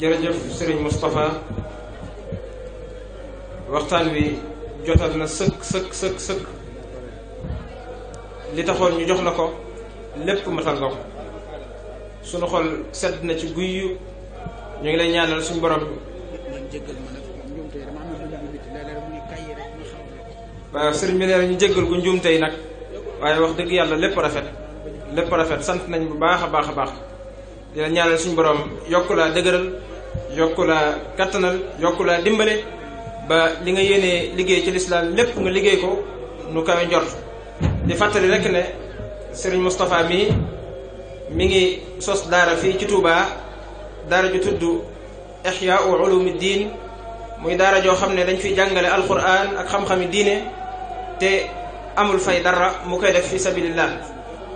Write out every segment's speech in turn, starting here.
jërëjëf sëriñ Moustapha waxtaan wi jotal na sëkk sëkk sëkk sëkk li taxoon ñu jox la ko lépp matal nga ko sunu xol sedd na ci guy yu ñu ngi lay ñaanal suñu borom waaw sëriñ bi nee na ñu jéggal gu njuum tey nag waaye wax dëgg yàlla lépp rafet lépp rafet sant nañ bu baax a baax a baax dina ñaanal suñu borom yokk laa dëgëral yokku laa kattanal yokku laa dimbale ba li nga yéenee liggéey ci lislaam lépp nga liggéey ko nu kawe njort di fàttali rek ne Serigne Moustapha mii mu ngi sos daara fii ci Touba daara ju tudd Ihya ulumi diin muy daara joo xam ne dañ fiy jàngale alquran ak xam-xami diine te amul fay dara mu koy def fi sabilillah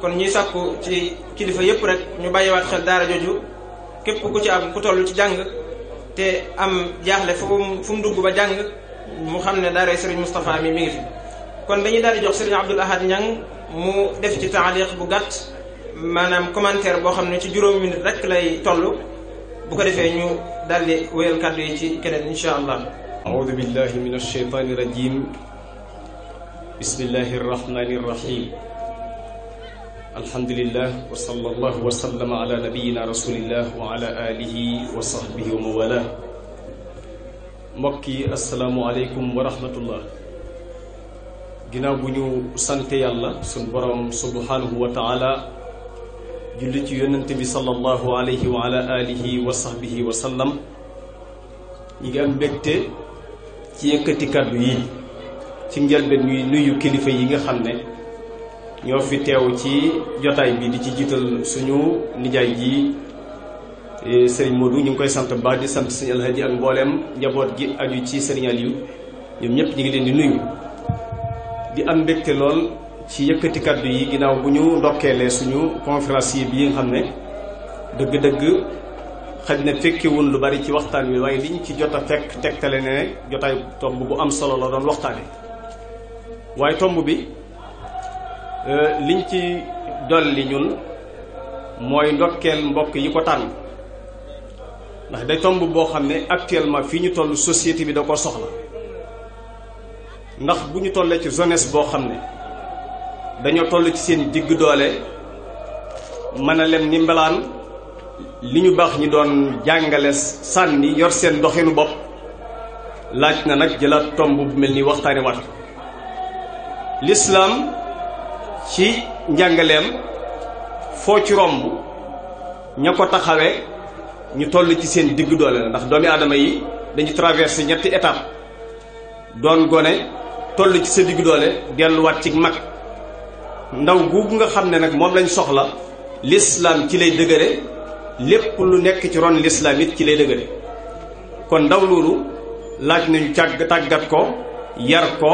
kon ñuy sàkku ci kilifa yépp rek ñu bàyyiwaat xel daara jooju képp ku ci am ku toll ci jàng te am jaaxle fu mu fu mu dugg ba jàng mu xam ne daaray Serigne Moustapha mi mi ngi fi kon dañuy daal di jox Serigne Abdoul Ahad Niang mu def ci taaliq bu gàtt maanaam commentaire boo xam ne ci juróomi rek lay toll bu ko defee ñu daal di wéyal kàddu ci keneen insha allah aoudu billahi min alsheytani rajim bismillahi arrahmani arrahim alhamdulillah wa sallallahu wa sallama ala nabiyina rasulillah wa wa sahbihi wa mawala mbokk yi asalaamualeykum wa rahmatullah ginnaaw bu ñu sante yàlla suñ borom subhanahu wa taala julli ci yonent bi wa ala wa sahbihi wa sallam ñi ngi am ci yëkkati kàddu yi ci njëlbeen ñuy nuyu kilifa yi nga xam ne ñoo fi teew ci jotaay bi di ci jiital suñu nijaay ji e, sëriñ Modou ñu ngi koy sant ba di sant sëriñ Alhaji ak mbooleem njaboot gi aju ci sëriñ Aliou ñoom ñëpp ñu ngi leen di nuyu di am mbégte lool ci yëkkati kaddu yi ginnaaw bu ñu ndokkeelee suñu conférencier bi nga xam ne dëgg-dëgg xaj na fekkiwun lu bari ci waxtaan wi waaye liñ ci jot a fekk tegtale ne jotaay tomb bu am solo la doon waxtaane waaye tomb bi Euh, liñ ci dolli ñun mooy ndokkeel mbokk yi ko tànn ndax day tomb boo xam ne actuellement fii ñu toll société bi da ko soxla ndax bu ñu tollee ci jeunesse boo xam ne dañoo toll ci seen digg doole mën a lem ni mbalaan li ñu baax ñi doon jàngale sànni yor seen doxinu bopp laaj na nag jëlaat tomb bu mel ni waxtaani wat ci njàngaleem foo ci romb ña ko taxawee ñu toll ci seen diggu doole la ndax doomi aadama yi dañu traversé ñetti étape doon gone toll ci sa digg doole delluwaat cig mag ndaw guubu nga xam ne nag moom lañ soxla lislaam ci lay dëgëre lépp lu nekk ci ron lislaam it ci lay dëgëre kon ndaw loolu laaj nañu càgg tàggat ko yar ko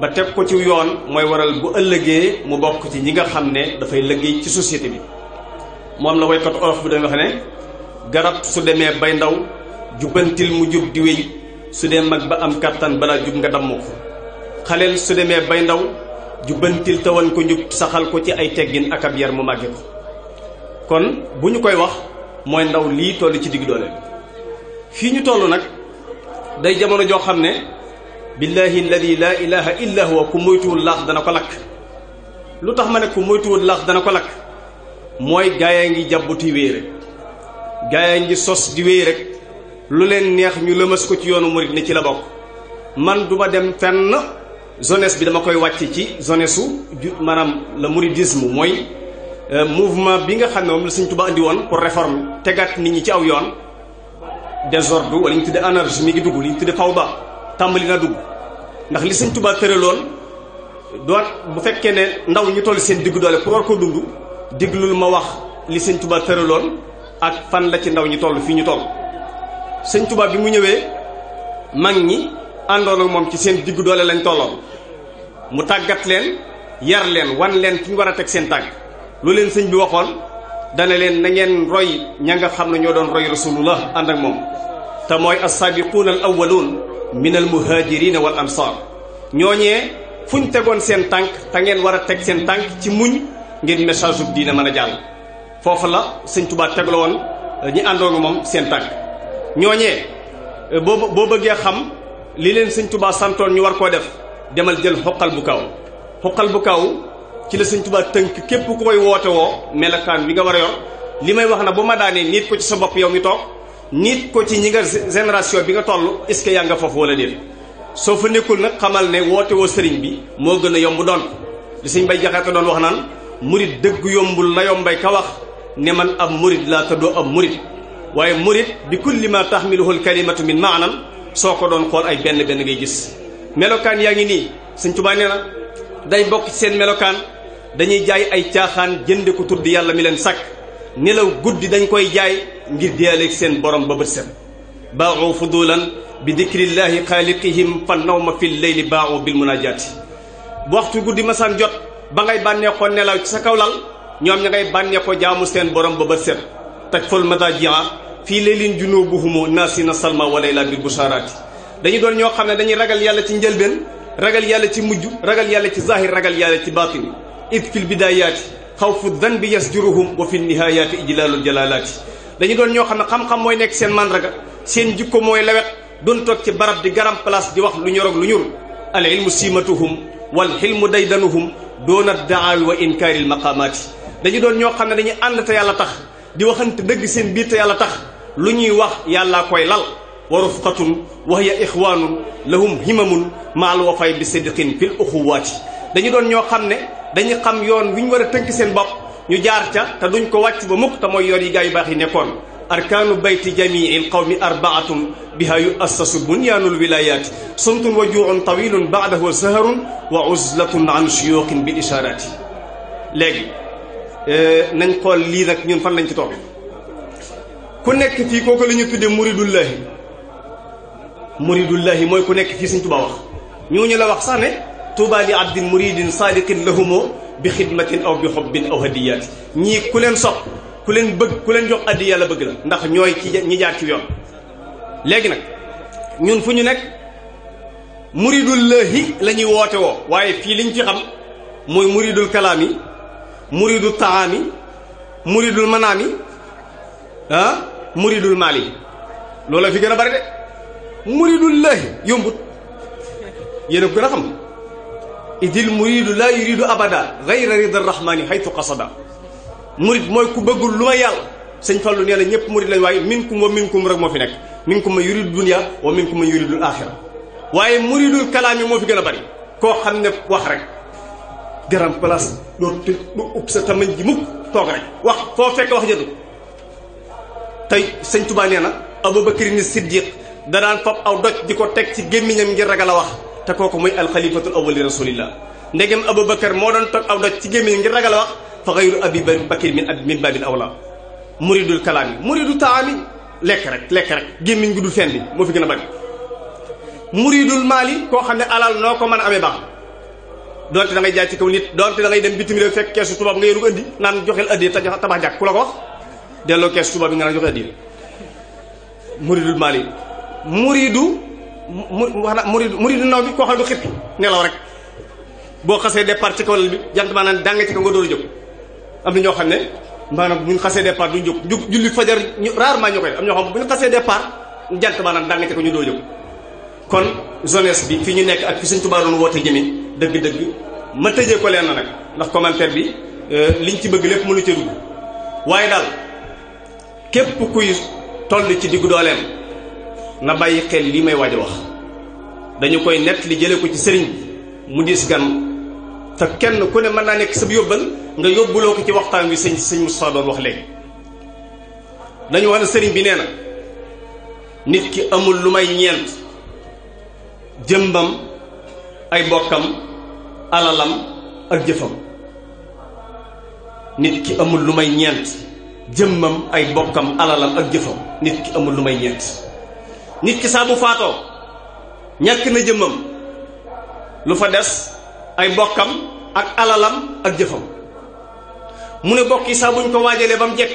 ba teg ko ci yoon mooy waral bu ëllëgee mu bokk ci ñi nga xam ne dafay liggéey ci société bi moom la woykatu olof bi dañ wax ne garab su demee bay ndaw jubbantil mu jub di su dee mag ba am kàttan balaa jub nga damm ko xaleel su demee bay ndaw jubbantil tawan ko ñu saxal ko ci ay teggin ak ab yar mu màgge ko kon bu ñu koy wax mooy ndaw lii toll ci digg doole fii ñu toll nag day jamono joo xam ne billahi alladi laa ilaha illa huwa ku moytuwul laax dana ko lakk lu tax ma ne ku moytuwul laax dana ko lakk mooy gaayaa ngi jàbbuti wéy rek gaayaa ngi sos di wéy rek lu leen neex ñu lëmas ko ci yoonu murit ne ci la bokk man duma dem fenn jeunesse bi dama koy wàcce ci jeunesse su maanaam le mouridisme mooy euh, mouvement bi nga xam ne moom la Sëñ Tuubaa andi woon pour réforme tegaat nit ñi ci aw yoon désordre wala ñu tudde anarchie mi ngi dugg li ñu tudde ba tàmbali na dugg ndax li Sëriñ Tuubaa tëraloon doot bu fekkee ne ndaw ñu toll seen diggu doole pour war ko dund diglul ma wax li Sëriñ Tuubaa tëraloon ak fan la ci ndaw ñi toll fii ñu toll Sëriñ Tuubaa bi mu ñëwee mag ñi àndoon moom ci seen diggu doole lañ tolloon mu tàggat leen yar leen wan leen fi war a teg seen tàgg lu leen sëñ bi waxoon dana leen na ngeen roy ña nga xam ne ñoo doon roy rasulullah ànd ak moom te mooy as-sabiquuna al awwaluun minal muhaajirina wal ansar ñooñee fu ñu tegoon seen tànk te war a teg seen tànk ci muñ ngeen message bu diine mën a jàll foofu la sëñ Tuubaa tegla woon euh, ñi àndoon moom seen tànk ñooñee euh, boo boo bëggee xam lii leen sëñ Tuubaa santoon ñu war koo def demal jël xoqal bu kaw xoqal bu kaw ci la sëñ Tuubaa tënk képp ku koy woote woo melakaan bi nga war a yor li may wax na bu ma daanee nit ko ci sa bopp yow mi toog nit ko ci ñi nga génération bi nga toll est-ce que yaa nga foofu wala déet soo fa nekkul nag xamal ne woote woo sëriñ bi moo gën a yomb doon li sëñ bay jaxate doon wax naan murit dëgg yombul la yombay ka wax ne man ab murit laa te doo ab murit waaye murit bi kulli ma taxmiluhu al kalimatu min maanan soo ko doon xool ay benn benn ngay gis melokaan yaa ngi nii sëñ Tuubaa nee na day bokk seen melokaan dañuy jaay ay caaxaan jënde ko tudd yàlla mi leen sàkk nelaw guddi dañ koy jaay ngir deyaaleeg seen borom ba bët set baaxu fudulan bi dikrillaahi xaaliqihim fan naw ma fi leyli baaxu bil munaajaati waxtu guddi masaan jot ba ngay bànneekoo nelaw ci sa kaw lal ñoom ña ngay bànneekoo jaamu seen borom ba bët set taj fol madajia fii leylin junubuhumu naasina salma walayla bil bushaaraati dañu doon ñoo xam ne dañuy ragal yàlla ci njëlbeen ragal yàlla ci mujj ragal yàlla ci zahir ragal yàlla ci baatin it fil bidaayaati xawfu dan bi yasjuruhum wa fi nihaayaati ijlaalul jalaalaati dañu doon ñoo xam ne xam-xam mooy nekk seen màndarga seen jikko mooy lewet doon toog ci barab di garam place di wax lu ñoroog lu ñurul al ilmu siimatuhum wal xilmu daydanuhum doona daawi wa inkaari l maqaamaati dañu doon ñoo xam ne dañuy ànd te yàlla tax di waxante dëgg seen biir te yàlla tax lu ñuy wax yàllaa koy lal wa rufqatun wa hiya ixwaanun lahum himamun maal wafay bi sidqin fil uxuwaati dañu doon ñoo xam ne dañu xam yoon wi ñu war a tënk seen bopp ñu jaar ca te duñ ko wàcc ba mukk te mooy yor yi gaa yu baax yi nekkoon arkaanu bayti jamii alqawmi arbaatun biha yuassasu bunyaanu alwilayaati sumtun wa juucun tawilun baadahu saharun wa uzlatun an shuyuuqin bil ishaaraati léegi eh, nañ xool lii nag ñun fan lañ ci toog ku nekk fii kooku la ñu tudde muridullahi muridullahi mooy ku nekk fii Sëñ Tuubaa wax ñooñu la wax sax ne tuubaa li abdin muridin saadiqin lahumoo bi xidmatin aw bi xobbin aw hadiyaati ñii ku leen sopp ku leen bëgg ku leen jox addi yàlla bëgg la ndax ñooy ci ñi jaar ci yoon léegi nag ñun fu ñu nekk muridullahi la ñuy woote woo waaye fii liñ fi xam mooy muridul kalaam yi muridul taam yi muridul manaam yi ah, muridul maal yi loola fi gën a bari de muridullahi yombut yéen a ko gën a xam idil muridu laa yuridu abada gayra rida rahmani haytu qasada murid mooy ku bëggul lu ma yàlla sëñ Fallu nee na ñëpp murid lañ waaye minkum wa minkum rek moo fi nekk minkum man yuridu dunya wa minkum man yuridul axira waaye muridul kalaam moo fi gën a bari koo xam ne wax rek garam place doo të du ub sa tamañ ji mukk toog rek wax foo fekkee wax jëtu tey sëñ Tuubaa nee na Abubakar ni Siddiq da daan fab aw doj di ko teg ci gémmiñam ngir ragal a wax te kooku muy alxalifatul awwal li rasulillah ndegem aboubacar moo doon toog aw doj ci gémmiñ ngir ragal a wax fa bi abi bakir min ab min babil awla muridul kalaami muridu taami lekk rek lekk rek gémmiñ gu dul fenn bi moo fi gën a bari muridul maali koo xam ne alal noo ko mën a amee baax donte da ngay jaay ci kaw nit donte da ngay dem bitim réew fekk keesu tubaab nga yéeru andi naan joxeel addiya tabax jàkk ku la ko wax delloo keesu tubaab bi nga naan joxe addiya muridul mu wax na murid murid naw bi koo xam ne du xippi nelaw rek boo xasee départ ci kaw lal bi jant maanaam danga ci kaw nga door a jóg am na ñoo xam ne maanaam bu ñu xasee départ duñ jóg ju julli fajar ñu rarement ñoo koy def am ñoo xam bu ñu xasee départ jant maanaam danga ci kaw ñu door a jóg kon jeunesse bi fi ñu nekk ak fi Sëñ Tuubaa doon woote jëme dëgg-dëgg ma tëjee ko leen na nag ndax commentaire bi euh, liñ ci bëgg lépp mënu ca dugg waaye daal képp kuy toll ci diggu dooleem na bàyyi xel lii may waaj a wax dañu koy nett li jële ko ci sëriñ bi mu dis gan te kenn ku ne mën naa nekk sab yóbbal nga yóbbuloo ko ci waxtaan wi sëñ sëñ Moustapha wax léegi dañu wax ne sëriñ bi nee na nit ki amul lu may ñeent jëmbam ay bokkam alalam ak jëfam nit ki amul lu may ñeent jëmmam ay bokkam alalam ak jëfam nit ki amul lu may ñeent nit ki saa bu faatoo ñàkk na jëmmam lu fa des ay bokkam ak alalam ak jëfam mu ne bokk yi saa buñ ko waajalee ba mu jekk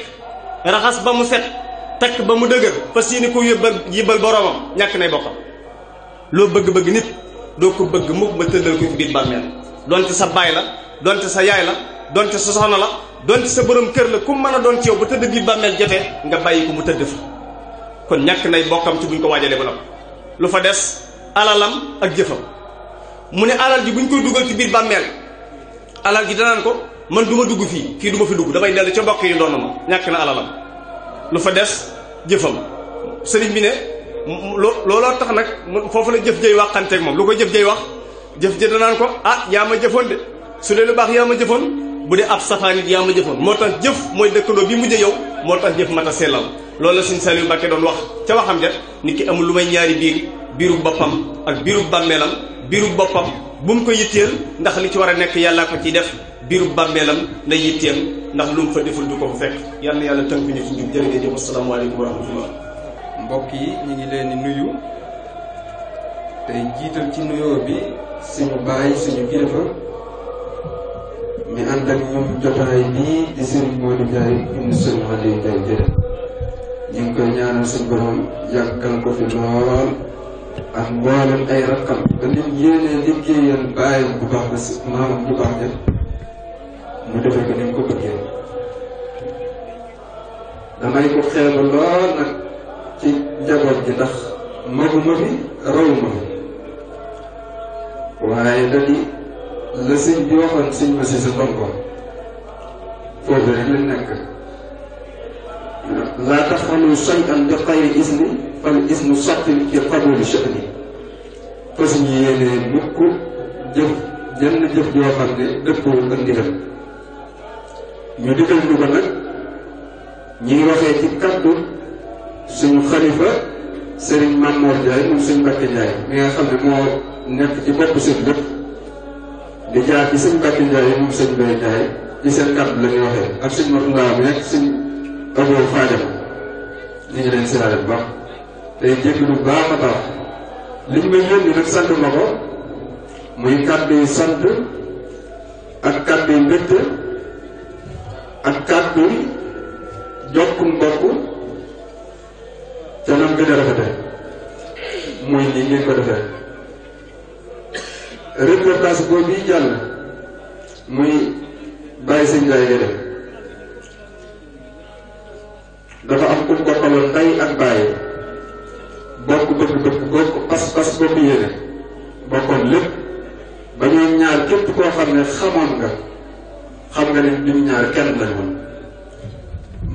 raxas ba mu set takk ba mu dëgër fas yéene ko yóbbal yóbbal boroomam ñàkk nay bokkam loo bëgg-bëgg nit doo ko bëgg mukk ma tëddal ko ci biir bàmmeel donte sa baay la donte sa yaay la donte sa soxna la donte sa borom kër la ku mën a doon ci yow ba tëdd biir bàmmeel jotee nga bàyyi ko mu tëdd fa kon ñàkk nay bokkam ci buñ ko waajalee ba noppi lu fa des alalam ak jëfam mu ne alal ji buñ koy dugal ci biir bàmmeel alal ji danaan ko man du ma dugg fii fii du ma fi dugg damay dellu ca mbokk yi doon na ñàkk na alalam lu fa des jëfam sëriñ bi ne looloo tax nag foofu la jëf jëy moom lu ko jëf jëy wax jëf jë danaan ko ah yaa ma jëfoon de su dee lu baax yaa ma jëfoon bu dee ab safaan it yaa ma jëfoon moo tax jëf mooy dëkkandoo bi mujj yow moo tax jëf mat a sellal loolu la suñ Saliou Mbacke doon wax ca waxam ja nit ki amul lu may ñaari biir biiru boppam ak biiru bàmmeelam biiru boppam bu mu ko yitteel ndax li ci war a nekk yàllaa ko ciy def biiru bàmmeelam na yitteel ndax lu mu fa deful du ko fa fekk yal na yàlla tënk ñu ci njub jërëjëf asalaamaaleykum wa rahmatullah mbokk yi ñu ngi leen di nuyu te jiital ci nuyoo bi suñu bàyyi suñu kilifa mi ànd ak jotaay bii di Serigne Modou Ndiaye indi Serigne Aliou Ndiaye jërë ñu koy ñaanal suñu borom yàggal ko fi lool ak mboolem ay rakkam ba lim yéenee liggéeyal bàyyi bu baax la si bu baax def mu defee ko ni mu ko damay ko xeebu lool nag ci njaboot gi ndax magu ma raw ma waaye da la sëñ bi waxoon sëñ ma si sa ndongo foofu rek lañ nekk laa taxalu shay'an bi xayri isni fal isnu sottin bi qabuli sha'ni fas ñu yéenee mukk jëf jenn jëf yoo xam ne dëppwul ñu digal ñu ko nag ñu ngi waxee ci kàddu suñu xalifa sëriñ Mamour Ndiaye moom suñu Mbacke Ndiaye mi nga xam ne moo nekk ci bopp suñu lépp di jaar ci sëñ Mbacke Ndiaye moom sëñ Mbaye Ndiaye seen kàddu la waxee ak sëñ Matoumba bi nekk sëñ Abdou Fadel ñu ngi leen siyaare bu baax tey jégalu bu baax a baax liñ may yónni ma ko muy kàddu yu ak kàddu yu ak kàddu yu jokk mbokk te nan gën a rafetee ngeen ko defee. reportage boobu bii jàll muy bàyyi sëñ Ndiaye nga dafa am ku ko bokkaloon ndey ak bàyyi bokk bëgg bëgg bokk pas-pas bokk yéene bokkoon lépp ba ñoom ñaar képp koo xam ne xamoon nga xam nga ne ñu ñaar kenn lañ woon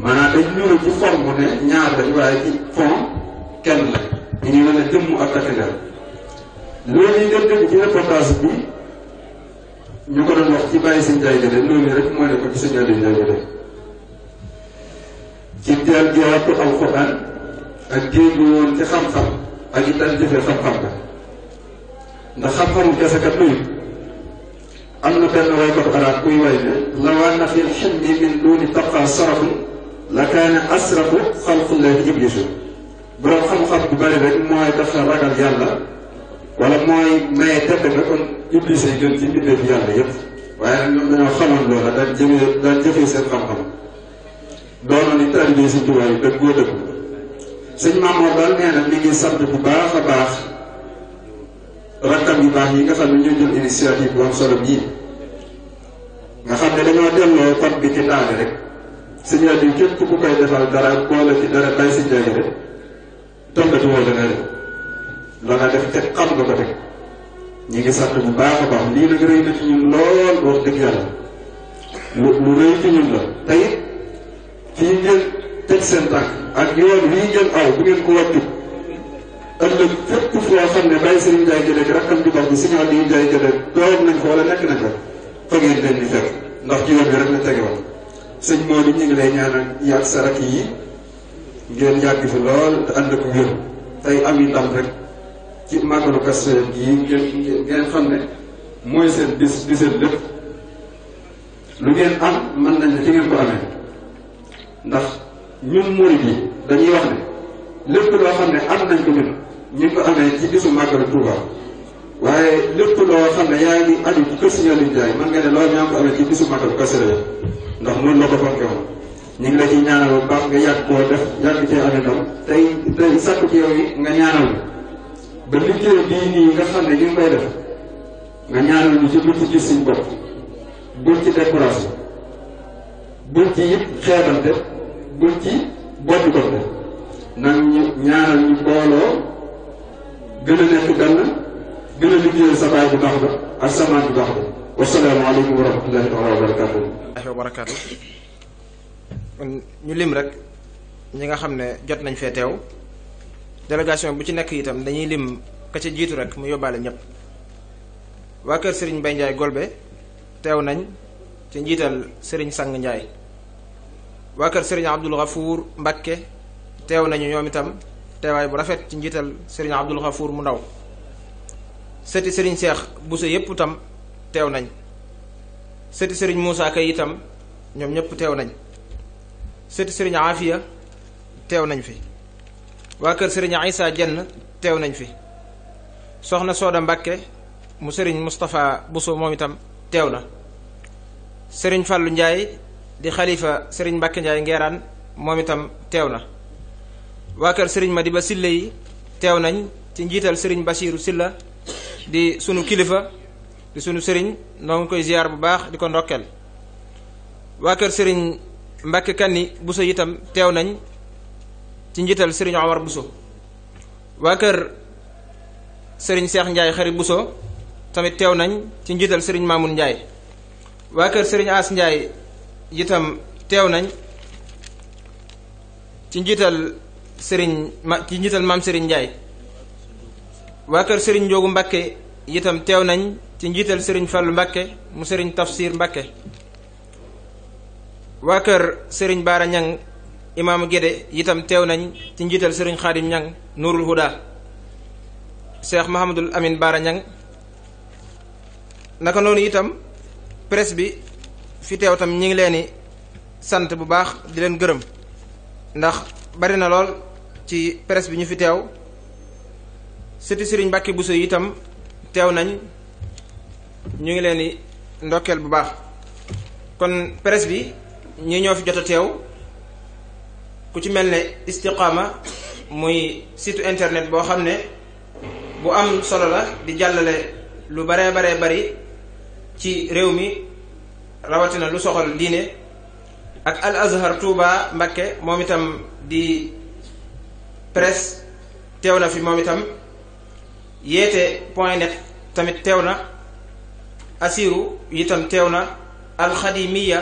maanaam dañ ñëw ci forme ne ñaar lañ waaye ci fond kenn la ñu ngi mën a jëmm ak katégor. loolu yi ngeen dégg ci reportage bi ñu ko doon wax ci bàyyi sëñ Njaay Gédé loolu rek moo nekk ci sëñ Aliou Njaay Gédé ci teel gi wattu alxuraan ak génn woon ci xam-xam ak itam jëfee xam-xam la ndax xam-xamu kese kat luy am na benn waykat arab kuy way ne law anna fil hilmi min duuni tabqa sarafun la kaana asrafu xalqullahi iblisu borom xam-xam bu bari mooy dafa ragal yàlla wala mooy maye tëdd ba kon iblis ay gën ci mbindeef yàlla yëpp waaye nag ñoom dañoo xamoon loola daan jëfee daan jëfee seen xam-xam doonoon ni taalibe yi si tubaab yi dëggoo dëgg sëñ Mamour daal nee na ngi sant bu baax a baax rakkam yu baax yi nga xam ne ñoo jël initiative bu am nga xam ne dañoo delloo kon bi ci taali rek sëñ Aliou képp ku koy defal dara boole ci dara bàyyi si rek tombati woo dana loola def teg ñu ngi sant baax a baax lool wax dëgg yàlla lu seen tànk ak yoon wii ngeen aw bu ngeen ko wàccu xam ne bàyyi Serigne Ndiaye Guédé rakkam ju baax bi Serigne nañ ko wala nekk nañ ko fa ngeen leen di fekk ndax ci yoon bi rek la tegewoon sëñ Modou ñu ngi lay ñaanal yàgg sa rakk yi ngeen yàgg fi lool te ànd ak wér tey am yi ndam rek. ci màggalu Kazu Rajab gi ngeen ngeen xam ne mooy seen bis di seen lépp lu ngeen am mën nañ ne ci ngeen ko amee ndax ñun murid yi dañuy wax ne lépp loo xam ne am nañ ko ñun ñu ngi ko amee ci bisu màggalu Touba waaye lépp loo xam ne yaa ngi aju ci kër Serigne Aliou Ndiaye mën ci bisu màggalu ndax noonu la ko fonke woon ñu ngi la ciy ñaanal bu baax nga yàgg koo def yàgg cee amee ndam tey tey sàkku ci yow yi nga ñaanal ba liggéey bii nii nga xam ne ñu ngi def nga ñaanal ñu ci buñ ci gis suñ bopp buñ ci découragé buñ ci it xeebante buñ ci boddi def nag ñu ñaanal ñu booloo gën a nekk benn gën a liggéeyal sa baay bu baax ba ak sa maam bu baax ba wasalaamaaleykum wa rahmatullahi taala wa barakaatu ñu lim rek ñi nga xam ne jot nañ fee teew délégation bu ci nekk itam dañuy lim ka ca jiitu rek mu yóbbaale ñëpp waa kër Serigne Mbaye Golbe teew nañ ci njiital Serigne Sang Ndiaye waa kër Serigne Abdoul Ghafour Mbakke teew nañu ñoom itam teewaay bu rafet ci njiital Serigne Abdoul Ghafour mu ndaw sëti Serigne Cheikh Bousso yëpp itam teew nañ sëti Serigne Moussa Kay itam ñoom ñëpp teew nañ sëti Serigne Afia teew nañ fi. waa kër sëriñ Aïssa Jenn teew nañ fi soxna Sooda Mbàkke mu sëriñ Moustapha Bousso moom itam teew na sëriñ Fàllu Njaay di xalifa sëriñ Mbàkke Njaay Ngeeraan moom itam teew na waa kër sëriñ Madiba Silla yi teew nañ ci njiital sëriñ Basiiru Silla di sunu kilifa di sunu sëriñ noo ngi koy ziar bu baax di ko ndokkeel waa kër sëriñ Mbàkke Kanni Bousso itam teew nañ ci njiital sëriñ Omar Bousso waa kër sëriñ Cheikh Ndiaye xarit Bousso tamit teew nañ ci njiital sëriñ Mamoun Ndiaye waa kër sëriñ itam teew nañ ci njiital sëriñ ma ci njiital maam sëriñ Ndiaye waa kër sëriñ Ndiogu Mbakke itam teew nañ ci njiital sëriñ Fallu Mbakke mu sëriñ Tafsir Mbakke waa kër sëriñ Baara Ñang imaam Gédé itam teew nañ ci njiital sëriñ xaadim ñang nuurul huda cheikh mahamadul amin baara ñang naka noonu itam presse bi fi teew tam ñu ngi leen di sant bu baax di leen gërëm ndax bari na lool ci presse bi ñu fi teew sëti sëriñ Mbàkke Buso itam teew nañ ñu ngi leen di ndokkeel bu baax kon presse bi ñi ñoo fi jot a teew ku ci mel ne istiqama muy site internet boo xam ne bu am solo la di jàllale lu baree baree bari ci réew mi rawatina lu soxal diine ak al azhar Touba Mbakke moom itam di presse teew na fi moom itam yeete point net tamit teew na asiru itam teew na alxadimiya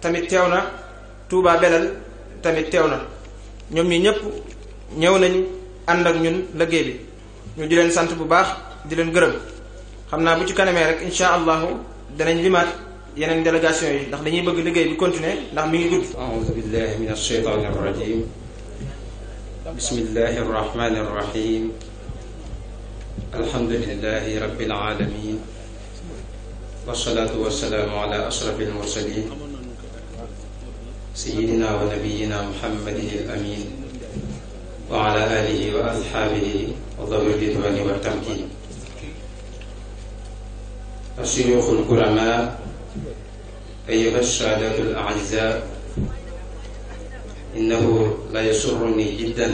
tamit teew na Touba Belal tamit teew na ñoom ñi ñëpp ñëw nañ ànd ak ñun liggéey bi ñu di leen sant bu baax di leen gërëm xam naa bu ci kanamee rek incha allah danañ limaat yeneen délégation yi ndax dañuy bëgg liggéey bi continuer ndax mi ngi gudd aoudu billahi min alsheytan arrajim bismillahi arrahmani arrahim alhamdulilahi rabbil alamin wasalaatu wasalaamu ala ashraf almursalin سيدنا ونبينا محمد الأمين وعلى آله وأصحابه وذوي الرضوان والتمكين الشيوخ الكرماء أيها السادة الأعزاء إنه لا يسرني جدا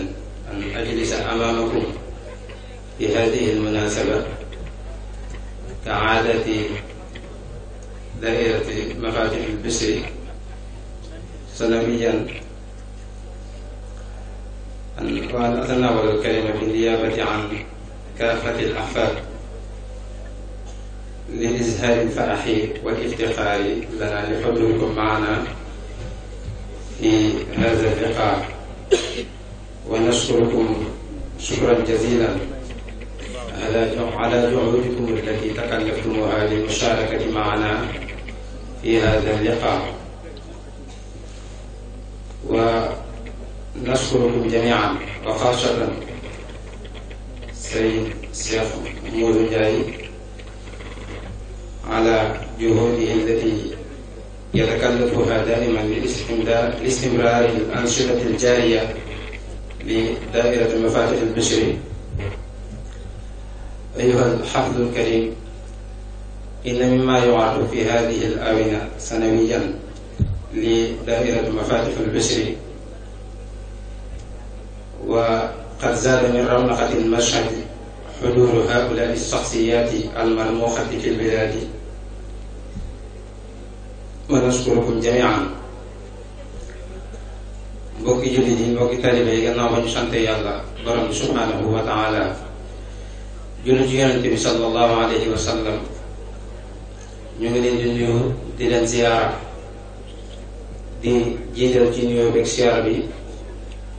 أن أجلس أمامكم في هذه المناسبة كعادة دائرة مفاتيح البصري سلميا وأن أتناول الكلمة بالنيابة عن كافة الأحفاد لإزهار الفرح والافتخار لنا لحضوركم معنا في هذا اللقاء ونشكركم شكرا جزيلا على على جهودكم التي تكلفتموها للمشاركة معنا في هذا اللقاء ونشكره جميعا وخاصة سيد الشيخ محمود الجاي على جهوده التي يتكلفها دائما لاستمرار الأنشطة الجارية لدائرة مفاتيح البشري أيها الحفظ الكريم إن مما يعرض في هذه الآونة سنويا li daayiratu mafatihul bisri wa qad zaada min ramlaqatin mashhad xuduru haulai shaxsiyaati almarmuuxati fi lbilaadi wa nashkurukum jamian mbokki jullit yi mbokki taalibe yi gannaaw ba ñu sante yàlla borom bi subhaanahu wa taala jullit ci yonente bi sallallahu alayhi wa sallam ñu ngi leen di nuyu di leen ziyaara di jiital ci nuyoo beeg siyaara bi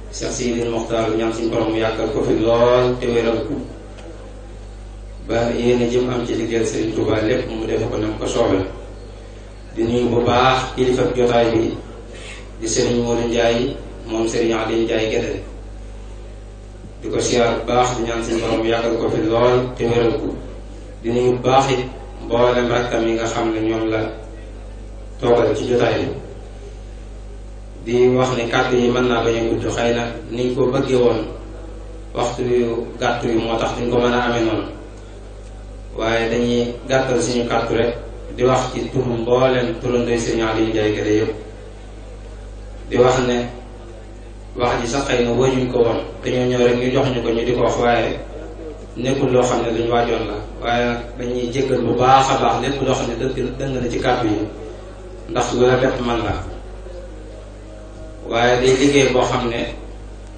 Cheikh Sidil Mokhtar ñaan suñu borom mu yàkkal ko fi lool te wéral ko ba yéen jëm am ci liggéeyal Serigne Touba lépp mu defe ko na ko soobee di nuyu bu baax kilifa jotaay bi di Serigne Modou Ndiaye moom Serigne Aliou Ndiaye Guédé di ko siyaar bu baax di ñaan suñu borom mu yàkkal ko fi lool te di nuyu baax it mboolem rakkam nga xam ne ñoom la toogal ci jotaay bi. di wax ni kàddu yi mën naa bañ a gudd xëy na niñ ko bëggee woon waxtu yu gàtt yu moo tax duñ ko mën a amee noonu waaye dañuy gàttal suñu kàddu rek di wax ci turu mbooleem turandooy Sëriñ Aliou Ndiaye Guédé yëpp di wax ne wax ji sax xëy na wëñuñ ko woon dañoo ñëw rek ñu jox ñu ko ñu di ko wax waaye nekkul loo xam ne luñ waajoon la waaye dañuy jéggal bu baax a baax lépp loo xam ne dëgg dëng na ci kàddu yi ndax lu la bett man la waaye day liggéey boo xam ne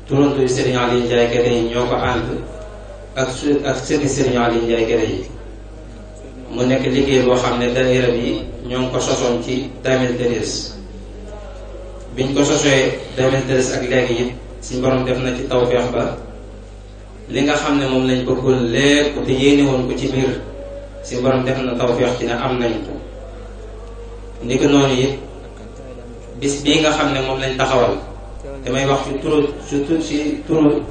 turantu bi Serigne Aliou Ndiaye yi ñoo ko ànd ak su ak sëriñ Serigne Aliou Ndiaye Kéré yi mu nekk liggéey boo xam ne daayira yi ñoo ko sosoon ci 2013 biñ ko sosee 2013 ak léegi it suñ borom def na ci tawfeex ba li nga xam ne moom lañ bëggoon lépp te yéene woon ko ci biir si borom def na tawfeex ci ne am nañ ko. ndiki noonu it bis bii nga xam ne moom lañ taxawal damay wax ci turu surtout ci turu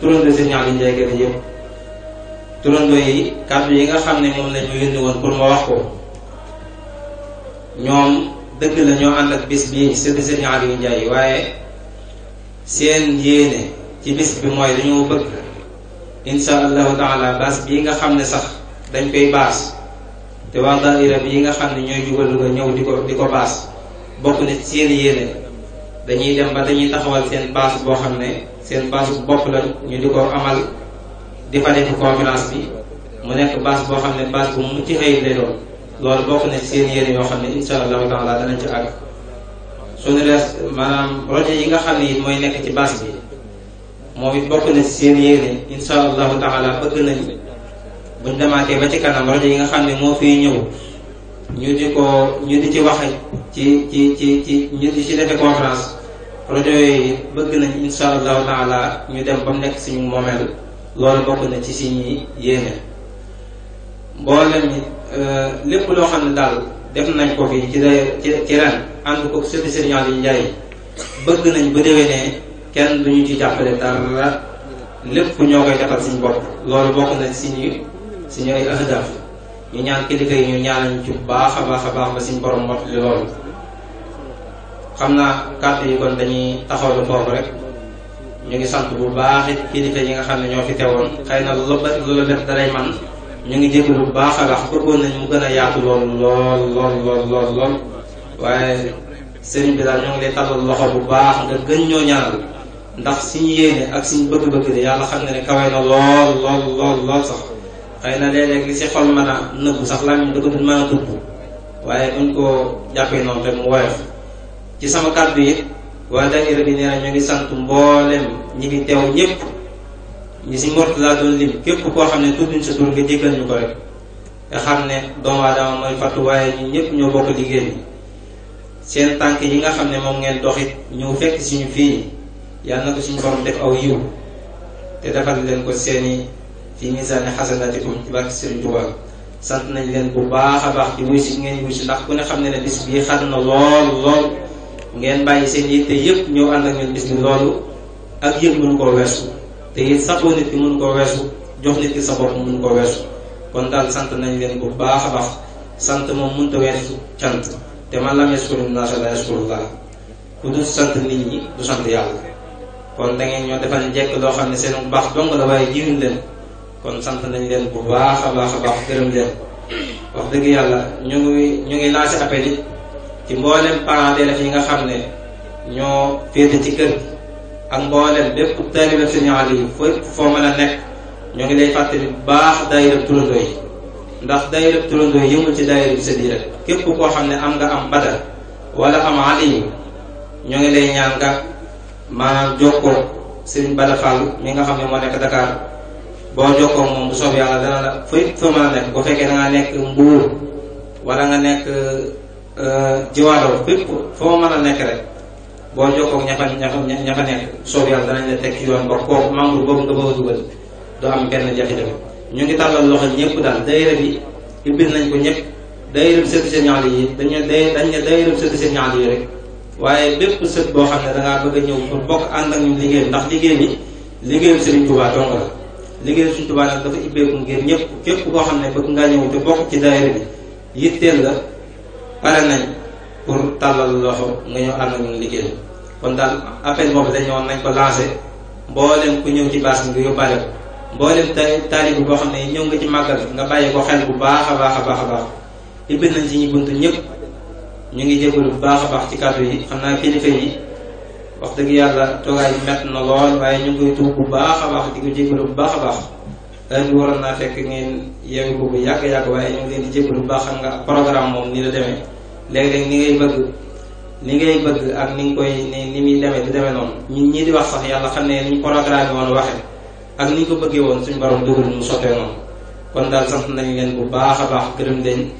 turando sëñ Aliou Ndiaye Kébé yëpp turando yi kàddu yi nga xam ne moom lañ ma yónni woon pour ma wax ko ñoom dëgg la ñoo ànd bis bii surtout sëñ Aliou Ndiaye waaye seen yéene ci bis bi mooy dañoo bëgg insha allahu taala baas bii nga xam ne sax dañ koy baas te waa daayira bi yi nga xam ne ñooy jubaluga ñëw di ko di ko baas bokk na ci seen yéene dañuy dem ba dañuy taxawal seen bâche boo xam ne seen bâche bu bopp la ñu di ko amal di fa defi conférence bi mu nekk bâche boo xam ne bâche bu ci ayib lay doon loolu bokk na ci seen yéene yoo xam ne incha allahu taala danañ ci àgg suñu des maanaam projet yi nga xam ne it mooy nekk ci bâche bi moom it bokk na ci seen yéene incha allahu taala bëgg nañ buñ demaatee ba ci kanam rajo yi nga xam ne moo fiy ñëw ñu di ko ñu di ci waxe ci ci ci ci ñu di ci defe conférence projet bëgg nañ insha allahu taala ñu dem ba mu nekk suñu moomeel loolu bokk na ci suñuy yéene mboolem mi euh, lépp loo xam ne daal def nañ ko fi ci ci ci ren ànd ko surtout sëriñ Aliou Ndiaye bëgg nañ bu déwénee kenn ñu ci jàppale dara lépp ñoo koy defal suñu bopp loolu bokk na ci suñu suñu ay ahdaf ñu ñaan kilifa yi ñu ñaanañ ci baax a baax a baax ba suñ borom mot li loolu xam naa kàddu yi kon dañuy taxawlu foofu rek ñu ngi sant bu baax it kilifa yi nga xam ne ñoo fi teewoon xëy na lu ñu ngi jégalu bu baax a baax bëggoon nañ mu gën a yaatu lool lool lool lool waaye sëriñ bi daal ñoo ngi lay tàllal loxo bu baax nga gën ñoo ñaanal ndax suñu yéene ak suñu bëgg-bëgg de yàlla xam ne ne kawe na lool lool lool sax xëy na léeg-léeg li si xol mën a nëbbu sax làmmiñ du ko a tubb waaye buñ koo jàppee noonu te mu woyof ci sama kàddu yi waa daayira bi nee na ñu ngi sant mboolem ñi ngi teew ñépp ñi si mbort laa doon lim képp koo xam ne tudduñ sa tur nga jéggal ñu ko rek nga xam ne doomu mooy fattu waaye ñun ñëpp ñoo bokk liggéey bi seen tànk yi nga xam ne moom ngeen doxit ñëw fekk suñu fii yàlla na ko suñu borom def aw yiw te defal leen ko seeni fii misaani xasanaatikum ci barke Sëriñ Tuubaa sant nañ leen bu baax a baax ci wuy si ngeen wuy si ndax ku ne xam ne ne bis bii xat na lool lool ngeen bàyyi seen yitte yëpp ñëw ànd ak ñun bis bi loolu ak yëpp mënu koo weesu te it saxoo nit ki mënu koo weesu jox nit ki sa bopp mënu koo weesu kon daal sant nañ leen bu baax a baax sant moom mënta weesu cant te man lam yaskuru naasa laa yaskuru llaah ku du sant nit ñi du sant yàlla kon da ngeen ñoo loo xam ne seen bu baax dong la waaye kon sant nañ leen bu baax baax baax gërëm leen wax dëgg yàlla ñu ngi ñu ngi lancé appel yi ci mboolem parents d'élèves yi nga xam ne ñoo féete ci kër ak mboolem bépp taalibe Sëriñ Aliou fépp foo mën a nekk ñoo ngi lay fàttali bu baax daayira turandoo yi ndax daayira turandoo yi yëmul ci daayira bi sa rek képp koo xam ne am nga am badal wala am Aliou ñoo ngi lay ñaan nga maanaam jokkoo Sëriñ Bada Fall mi nga xam ne moo nekk Dakar boo jokkoo moom bu soob yàlla dana la fay fa mën a nekk bu fekkee da nga nekk mbuur wala nga nekk euh, jiwaadoo fépp foo mën a nekk rek boo jokkoo ña fa ña fa ña fa nekk soob yàlla danañ la teg ci yoon bokk kooku membre boobu nga bëgg a dugal doo am benn jafe-jafe ñu ngi tàllal loxo ñëpp daal daayira bi ubbil nañ ko ñëpp daayira bi sëkk seen ñaal yi dañ ne dañ ne daayira bi sëkk seen ñaal yi rek waaye bépp sët boo xam ne dangaa bëgg a ñëw pour bokk ànd ak ñu liggéey ndax liggéey bi liggéeyu Sëriñ Tuubaa dong la liggéey suñ tubaa nag dafa ibbeeku ngir ñëpp képp koo xam ne bëgg nga ñëw te bokk ci daayira bi yitteel la pare nañ pour tàllal loxo nga ñëw ànd ak liggéey kon daal appel moom dañu woon nañ ko laase mboolem ku ñëw ci baax bi nga yóbbaale ko mboolem taalibi boo xam ne ñëw nga ci màggal nga bàyyi ko xel bu baax a baax a baax a baax ibbi nañ ci ñi bunt ñëpp ñu ngi jégalu bu baax a baax ci kàddu yi xam naa kilifa yi wax dëgg yàlla toogaay bi mett na lool waaye ñu ngi koy tuub bu baax a baax di ko jégalu bu baax a baax heure bi waroon naa fekk ngeen yeewu ko bu yàgg-yàgg waaye ñu ngi leen di jégalu bu baax xam nga programme moom ni la demee léeg-léeg ni ngay bëgg ni ngay bëgg ak ni nga koy ni ni muy demee di demee noonu ñun ñii di wax sax yàlla xam ne ni ñu programme woon waxee ak ni ñu ko bëggee woon suñu borom dugal mu sottee noonu kon daal sant nañ leen bu baax a baax gërëm leen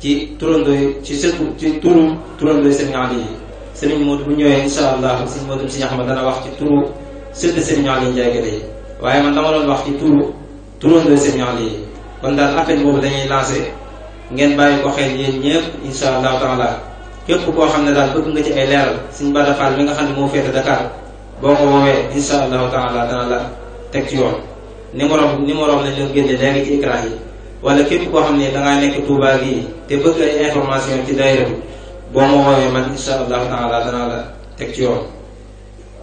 ci turandooy ci sëtu ci turu turandooy sëriñ Modou bu ñëwee incha allah sëriñ Modou si Axmad dana wax ci turu sëriñ sëriñ Aliou Ndiaye Guèye waaye man dama doon wax ci turu turandoo sëriñ yi kon daal appel boobu dañuy lancé ngeen bàyyi ko xel yéen ñëpp incha allahu taala képp koo xam ne daal bëgg nga ci ay leeral suñ Bada Fall mi nga xam ne moo féete Dakar boo ko woowee incha allahu taala dana la teg ci yoon numéro numéro lañ leen génne wala képp koo xam ne dangaa nekk Touba gii te bëgg ay information ci daayira bi boo ma woowee man insha allahu taala danaa la teg ci yoon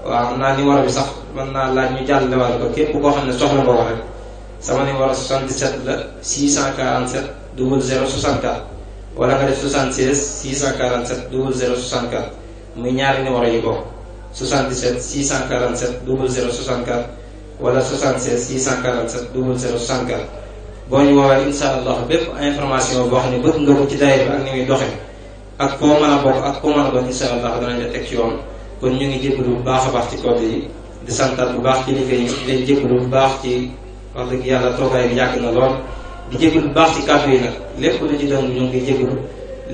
waaw xam naa ni war bi sax mën naa laaj ñu jàllewal ko képp koo xam ne soxla nga ko rek sama ni war a 77 la 647 00 64 wala nga def 76 647 00 64 muy ñaari numéro yi ko 77 647 00 64 wala 76 647 00 64 boo ñu woowee insha allah bépp information boo xam ne bëgg nga ko ci daayira bi ak ni muy doxee ak koo mën a bokk ak koo mën a doon incha allah danañ la teg ci yoon kon ñu ngi jégalu bu baax a baax ci kóod yi di santaat bu baax ci liggéey yi dañ jégalu bu baax ci wax dëgg yàlla toogaay bi yàgg na lool di jégalu bu baax ci kàddu yi nag lépp lu ci dëng ñu ngi jégalu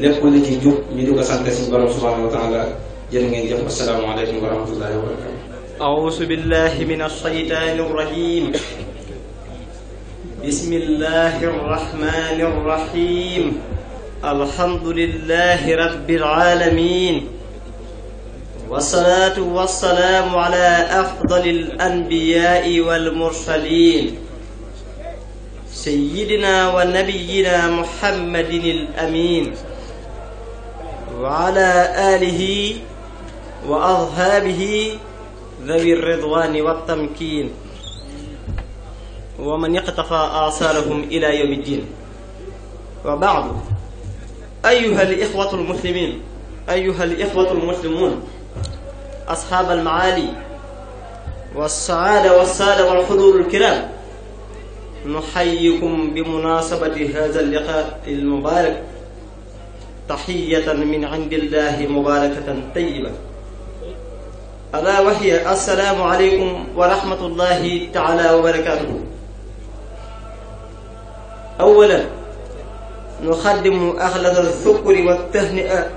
lépp lu ci jub ñu di ko sante suñu borom subhanahu wa taala jërë ngeen jëf asalaamaaleykum wa rahmatullahi wa barakatu أعوذ بالله من الشيطان الرجيم بسم الله الرحمن الرحيم alhamdulillahi rabbil aalamiin wasalaatu wasalaamu ala afdalil anbiyaai wal mursaliin sayyidina wa nabiyina muhammadinil amiin wa ala aalihi wa ashaabihi dhawi ridwaani wa tamkiin wa man iqtafa aasaarahum ila yawmi ddiin wa baadu أيها الإخوة المسلمين أيها الإخوة المسلمون أصحاب المعالي والسعادة والسادة والحضور الكرام نحييكم بمناسبة هذا اللقاء المبارك تحية من عند الله مباركة طيبة ألا وهي السلام عليكم ورحمة الله تعالى وبركاته أولا نقدم أغلظ الذكر والتهنئة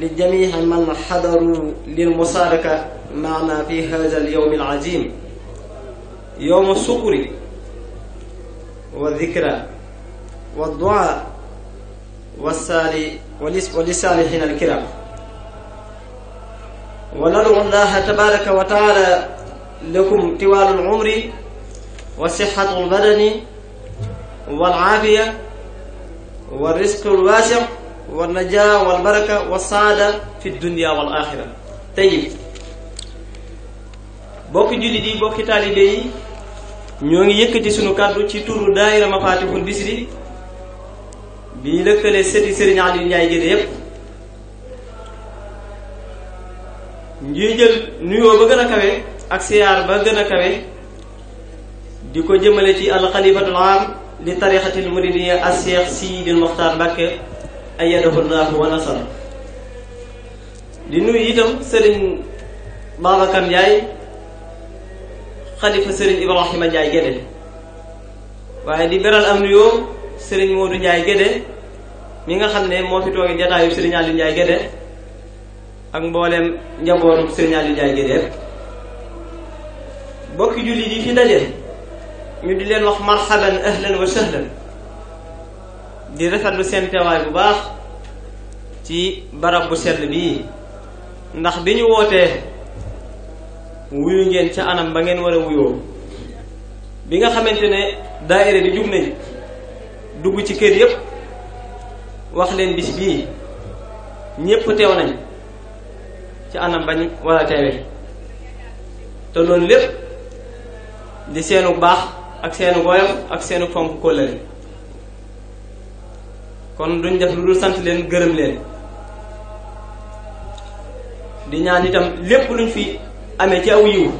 لجميع من حضروا للمشاركة معنا في هذا اليوم العظيم يوم الشكر والذكرى والدعاء ولصالحين الكرام وندعو الله تبارك وتعالى لكم طوال العمر وصحة البدن والعافية wa risque waasi wa najaa wal baraka wa saada fi dunia wal axira tey bokki jullit yi bokki taalibe yi ñoo ngi yëkkati sunu kàddu ci turu daayira Mafatihul Bichri bi lëkkale sëti Serigne Aliou Ndiaye Guédé yépp ñuy jël nuyoo ba gën a kawe ak siyaar ba gën a kawe di ko jëmale ci alxalifatul am li tarixatil muridiya as Cheikh Sidil Mokhtar Mbacke ayyadahu Allahu wa nasara di nuyu itam Serigne Babacar Ndiaye xalifa Serigne Ibrahima Ndiaye Guédé waaye di beral am nuyoo Serigne Modou Ndiaye Guédé mi nga xam ne moo fi toogee jataayu Serigne Aliou Ndiaye Guédé ak mboolem njabootu Serigne Aliou Ndiaye Guédé bokki julli di fi ndaje. ñu di leen wax marhaban ahlan wa sahlan di rafetlu seen teewaay bu baax ci barab bu sell bii ndax bi ñu wootee wuyu ngeen ca anam ba ngeen war a wuyoo bi nga xamante ne daaira bi jub nañ dugg ci kër yépp wax leen bis bii ñépp teew nañ ci anam bañ war teewe te loolu lépp di seenu baax ak seenu woyam ak seenu fonk kóllëre kon duñ def lu dul sant leen gërëm leen di ñaan itam lépp luñ fi amee ci aw yiw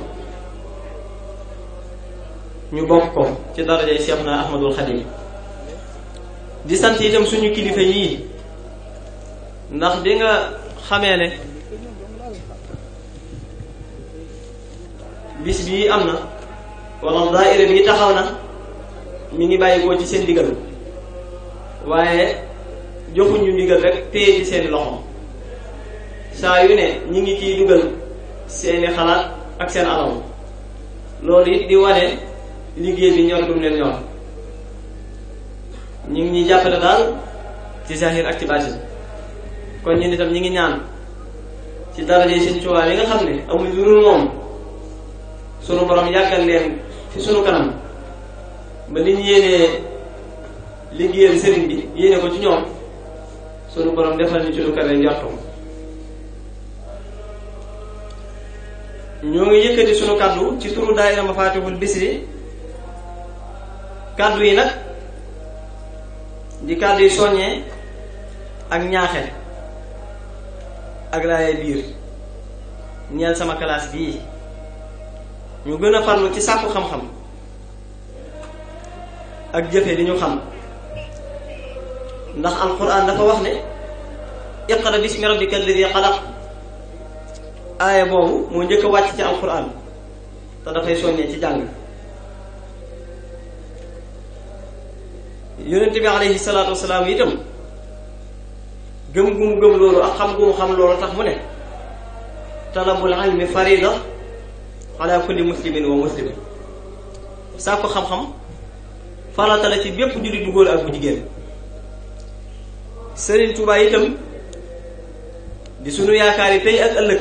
ñu bokk ko ci darajay Cheikh na Ahmadul Xadim di sant itam suñu kilifa yii ndax dinga nga xamee ne bis bii am na konoon daayira bi taxaw na mi ngi bàyyi koo ci seen ndigal waaye joxuñu ndigal rek téye ci seen loxo saa yu ne ñi ngi ciy dugal seeni xalaat ak seen anam loolu it di wane liggéey bi ñor gum leen ñor ñu ngi ñuy jàppale daal ci zahir ak ci baatin kon ñun itam ñi ngi ñaan ci daraje seen cuwaay yi nga xam ne amul lu dul moom sunu borom yàggal leen fi sunu kanam ba li ñu yéenee liggéeyal sëriñ bi yéene ko ci ñoom sunu borom defal ñu ci lu kawe njortum ñoo ngi yëkkati sunu kàddu ci turu daayira Mafatihul Bichri kàddu yi nag di kàddu yi soññee ak ñaaxe ak laay biir ñeel sama classe bii ñu gën a farlu ci sàkku xam-xam ak jëfe li ñu xam ndax alquran dafa wax ne iqra bismi rabbika alladi xalaq aaya boobu moo njëkk wàcc ci alquran te dafay soññee ci jàng yonent bi alayhi salaatu wasalaam itam gëm gu mu gëm loolu ak xam gu xam loolu tax mu ne talabul ilmi farida ala kulli muslimin wa muslimin sàkku xam-xam farata ci bépp jullit bu góor ak bu jigéen Sëriñ Tuubaa itam di sunu yaakaar yi tey ak ëllëg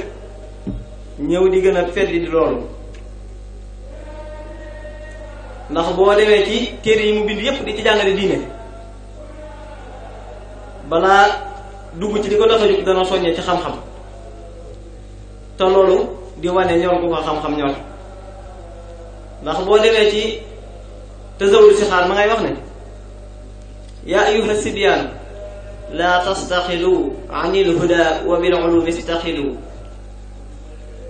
ñëw di gën a feddi di loolu ndax boo demee ci téere yi mu bind yépp di ci jàngale diine balaa dugg ci di ko dox a dana soññee ci xam-xam te loolu di wane ñor ku ko xam-xam ñor ndax boo demee ci tasawul si xaar ma ngay wax ne yaa ayuha sibyaan laa tastaxilu an ilhuda wa bilulumi istaxilu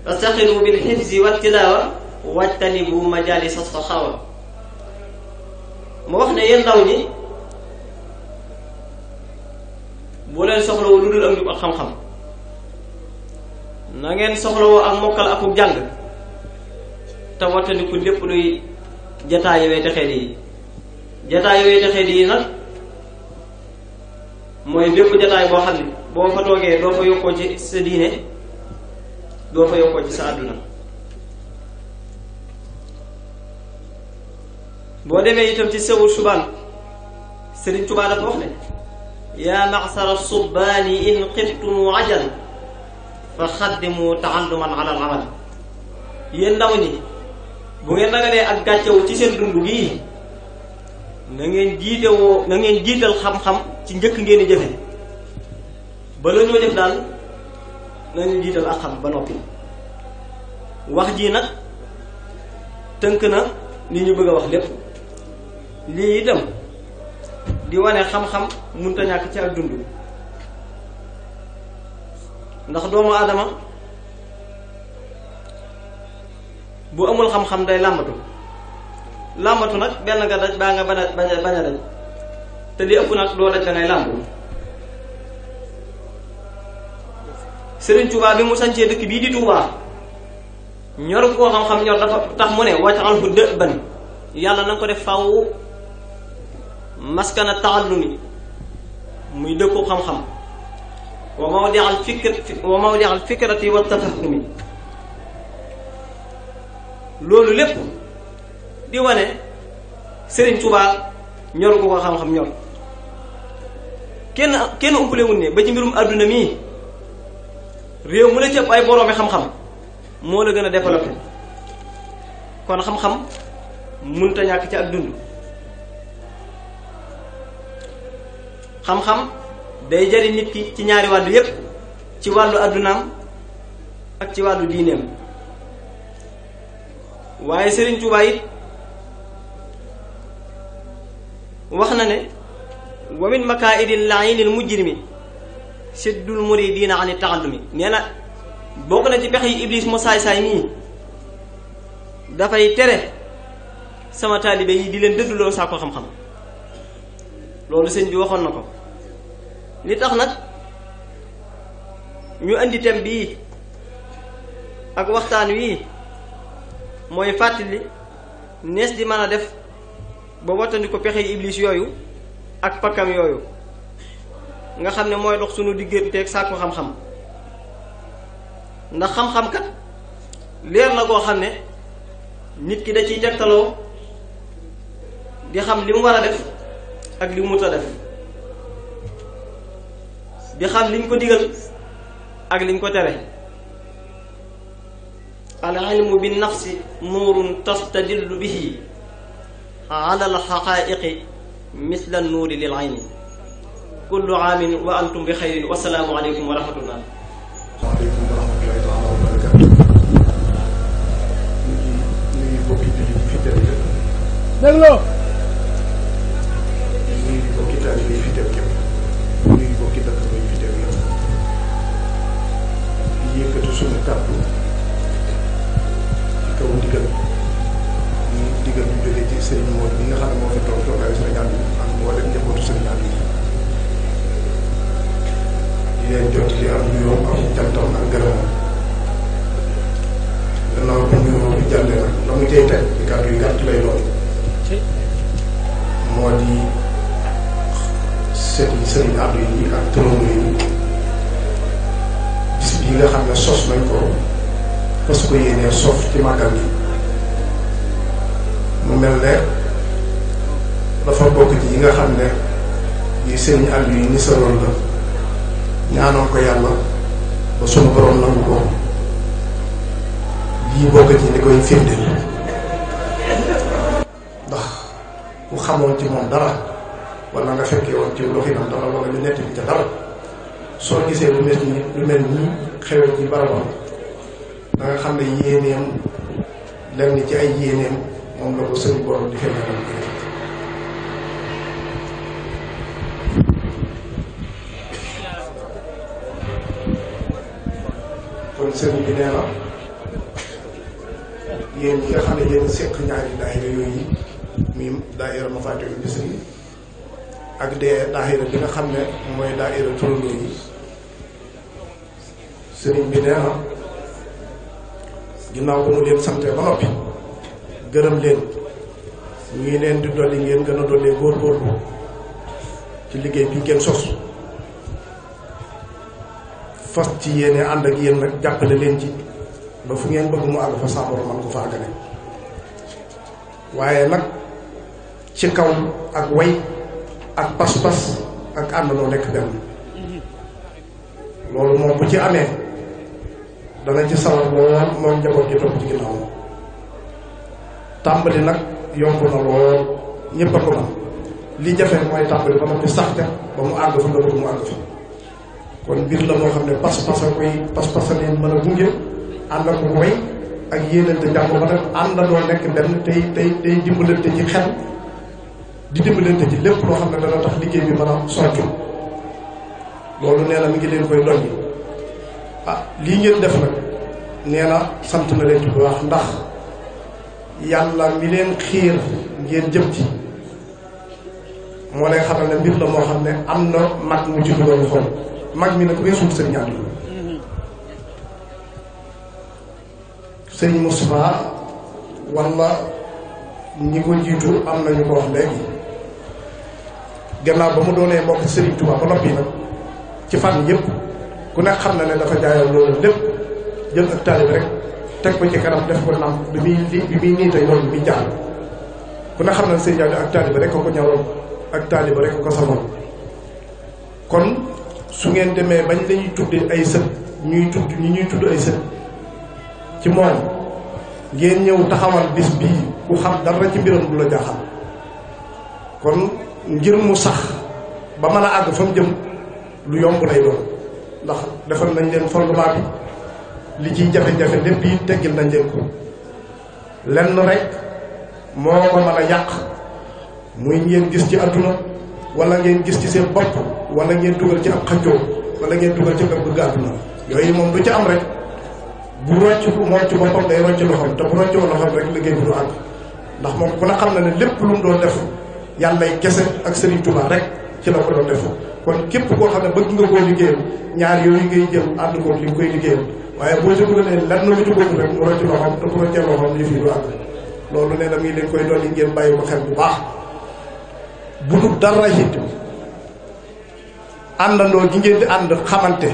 fastaxilu bilxifzi wattilaawa wajtanibu majalis astaxawa mu wax ne yéen ndaw ñi boo leen soxlawu lu xam na ngeen soxlawoo ak mokkal akub jàng te wattandiku lépp luy jataay yooyu texee yi jataay yooyu texee yi nag mooy lépp jataay boo xam ne boo fa toogee doo fa yokkoo ci sa diine doo fa yokkoo ci sa àdduna boo demee itam ci sewul subaan Sëriñ a dafa wax ne yaa maxsara subbaani in xiftum ajal fa xaddimu taalluman ala al amal yéen ndaw ñi bu ngeen ragalee ak gàccewu ci seen dund gii na ngeen jiite woo na ngeen jiital xam-xam ci njëkk ngeen di jëfe ba la ñoo def daal nañu jiital ak xam ba noppi wax jii nag tënk na li ñu bëgg a wax lépp lii itam di wane xam-xam munta ñàkk ci ak dund ndax doomu aadama bu amul xam-xam day làmbatu làmbatu nag benn nga daj baa nga bañ a bañ daj te li ëpp nag doo daj da ngay làmbu Sëriñ Tuubaa bi mu sancee dëkk bii di Tuubaa ñor koo xam-xam ñor dafa tax mu ne waccaxal fu dë ban yàlla na ko def faw maskana taallumi muy dëkku xam-xam wa mawdia al fikr wa mawdia al fikrati wa tafahumi loolu lépp di wane Serigne Touba ñor ko ko xam-xam ñor kenn kenn umpalewul ne ba ci mbirum àdduna mii réew mu la cëpp ay boroomi xam-xam moo la gën a développé kon xam-xam ci ak dund xam-xam day jariñ nit ki ci ñaari wàllu yépp ci wàllu àddunaam ak ci wàllu diineem waaye Serigne Touba it wax na ne wa min makaidil lainil mujrimi siddul muridina ani taallumi nee na bokk na ci pexe yi iblis mu saay-saay nii dafay tere sama taalibe yi di leen dëdduloo saako xam-xam loolu sëñ bi waxoon na ko li tax nag ñu indi thème bii ak waxtaan wii mooy fàttali nees di mën a def ba wattandi ko pexe iblis yooyu ak pakkam yooyu nga xam ne mooy dox sunu digganteeg sàkku xam-xam ndax xam-xam kat leer la koo xam ne nit ki da ciy tegtaloo di xam li mu war a def ak li mu mut def di xam liñ ko digal ak liñ ko tere al ilmu bi nafsi nuurun tastadillu bihi ala al xaqaiqi misla nuuri lil ayni kullu aamin wa antum bi xayrin wasalaamu aleykum wa rahmatullah waaleykum wa rahmatullahi taala wa barakatu ñu ngi bokki jullit fi déglo sëriñ bi moom mi nga xam ne moo fi toog toogaayu Sénégal bi ak mboolem bi di leen jot li am nuyoo am jantam ak gërëmam gannaaw bu nuyoo bi la mu cay teg di kàddu yu gàtt lay lool moo di sët yi sëriñ yi nga xam ne sos nañ ko parce que yéenee sof ci màggal gi mel ne dafa bokk yi nga xam ne yi sëriñ àll yi ni saloon la ñaanoon ko yàlla ba sunu boroom nangu ko lii bokk ci li koy firnde ndax ku xamoon ci moom dara wala nga fekkee woon ci doxinam dara wala ñu nett bi ca dara soo gisee lu mel ni lu ci barabam da xam ne yéeneem lenn ci ay yéeneem moom la ko sëriñ borom di xëy na kon sëriñ bi nee na yéen nga xam ne yéen seq ñaari daayira yooyu muy daayira Mafatihul Bichri ak dee daayira bi nga xam ne mooy daayira turandoo yi sëriñ bi nee ginnaaw ba mu leen sante ba noppi gërëm leen ñu ngi leen di dolli ngeen gën a dolli góorgóorlu ci liggéey bi ngeen sos fas ci yéene ànd ak yéen nag jàppale leen ci ba fu ngeen bëgg mu àgg fa saaboor man ko fa àggale waaye nag ci kaw ak way ak pas-pas ak àndandoo nekk benn loolu moom bu ci amee dana ci sawar lool moom njaboot ji topp ci ginnaaw tàmbali nag yomb na lool ñëpp a ko mën li jafe mooy tàmbali ba noppi mu àgg fa kon mbir la moo xam ne pas-pas a koy pas-pas a leen mën a gunge ànd ak woy ak yéenante jàmm ba nag loo nekk benn tey tey tey dimbalante ci xel di dimbalante ci lépp loo xam ne dana tax liggéey bi mën a sotti loolu nee na mi ngi leen koy dolli ah lii ngeen def nag nee sant na leen ci bu ndax yàlla mi leen xiir ngeen jëm ci moo lay xamal ne mbir la moo xam ne am na mag mu ci dugal xol mag mi nag weesuwul sëriñ Abdou sëriñ Moustapha ñi ko jiitu am na ñu ko wax léegi gannaaw ba mu doonee mbokk sëriñ Touba ba noppi nag ci fànn yëpp ku nekk xam na ne dafa jaayoo loolu lépp jël ak taalibe rek teg ko ci kanam def ko lam bi muy li bi muy niitay loolu bi muy jaxal ku ne xam na sëñ Aliou ak taaliba rek ko ñawal ak taaliba rek ko samoon kon su ngeen demee bañ lañuy tuddee ay sët ñuy tudd ñi ñuy tudd ay sët ci moom ngeen ñëw taxawal bis bii ku xam dara ci mbiram du la jaaxal kon ngir mu sax ba mën a àgg fa mu jëm lu yomb lay doon ndax defal nañ leen fondement bi li ciy jafe-jafe lépp yi teggil na leen ko lenn rek moo ko mën a yàq muy ngeen gis ci àdduna walla ngeen gis ci seen bopp wala ngeen dugal ci ab xaccoo wala ngeen dugal ci bëgg àdduna yooyu moom du ci am rek bu ci rocc rocc boppam day rocc loxoom te bu roccoo loxoom rek liggéey bi du àgg ndax moom ku la xam na ne lépp lu mu doon def yàllay kese ak Serigne Touba rek ci la ko doon def kon képp koo xam ne bëgg nga koo liggéeyam ñaar yooyu ngay jël ànd koog li nga koy liggéeyam waaye boo ci dugalee lan la ci bëgg rek mu rocc loxoom te ku rocc yi loolu ne la muy leen koy dolli ngeen bàyyi ko xel bu baax bu dul dara it àndandoo gi ngeen di ànd xamante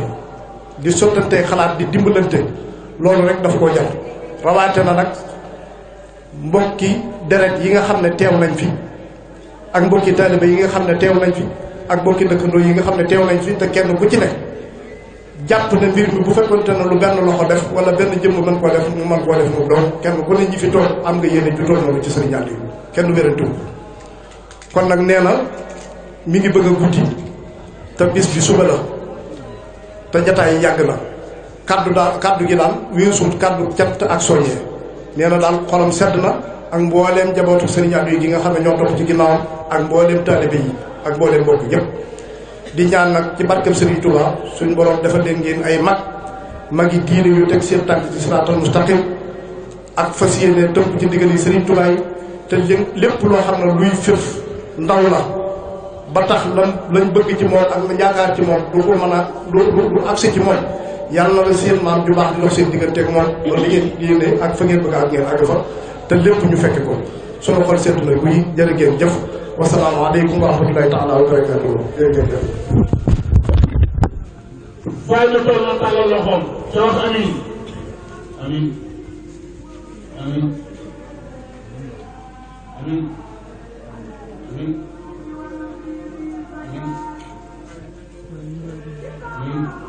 di sottante xalaat di dimbalante loolu rek daf koo jar rawaate na nag mbokki deret yi nga xam ne teew nañ fi ak mbokki taaliba yi nga xam ne teew nañ fi ak mbokki dëkkandoo yi nga xam ne teew nañ fi te kenn ku ci nekk jàpp ne mbir bi bu fekkonte ne lu benn loxo def wala benn jëmm mën koo def ñu mën koo def moom donc kenn ku ne ñi fi toog am nga yéene ju toll noonu ci sëriñ Aliou kenn wérante wu kon nag nee na mi ngi bëgg a guddi te bis bi suba la te jataay yàgg na kaddu daal kàddu gi daal weesuut kaddu cant ak soññee nee na daal xolam sedd na ak mbooleem jabootu sëriñ Aliou gi nga xam ne ñoo topp ci ginnaaw ak mbooleem taalibe yi ak mbooleem mbokk yépp di ñaan nag ci barkeb Serigne Touba suñu boroom dafa leen ngeen ay mag mag yi diine yu teg seen tànk ci siraatal mustaqim ak fas yéene tëpp ci ndigal yi Serigne Touba yi te lépp loo xam ne luy firf ndaw la ba tax lan lañ bëgg ci moom ak yaakaar ci moom du ko mën a du du accès ci moom yàlla na la seen maam ju baax di dox seen digganteeg moom. loolu li ngeen yéene ak fa ngeen bëgg ak ngeen àgg fa te lépp ñu fekk ko sunu xol seetu na buy jërë ngeen jëf. wasalaamaaleykum wa rahmatulahi taala wa barakatuhu jërëjëf waaye na toog na tàllal loxoom te wax amin amin amin amin amin amin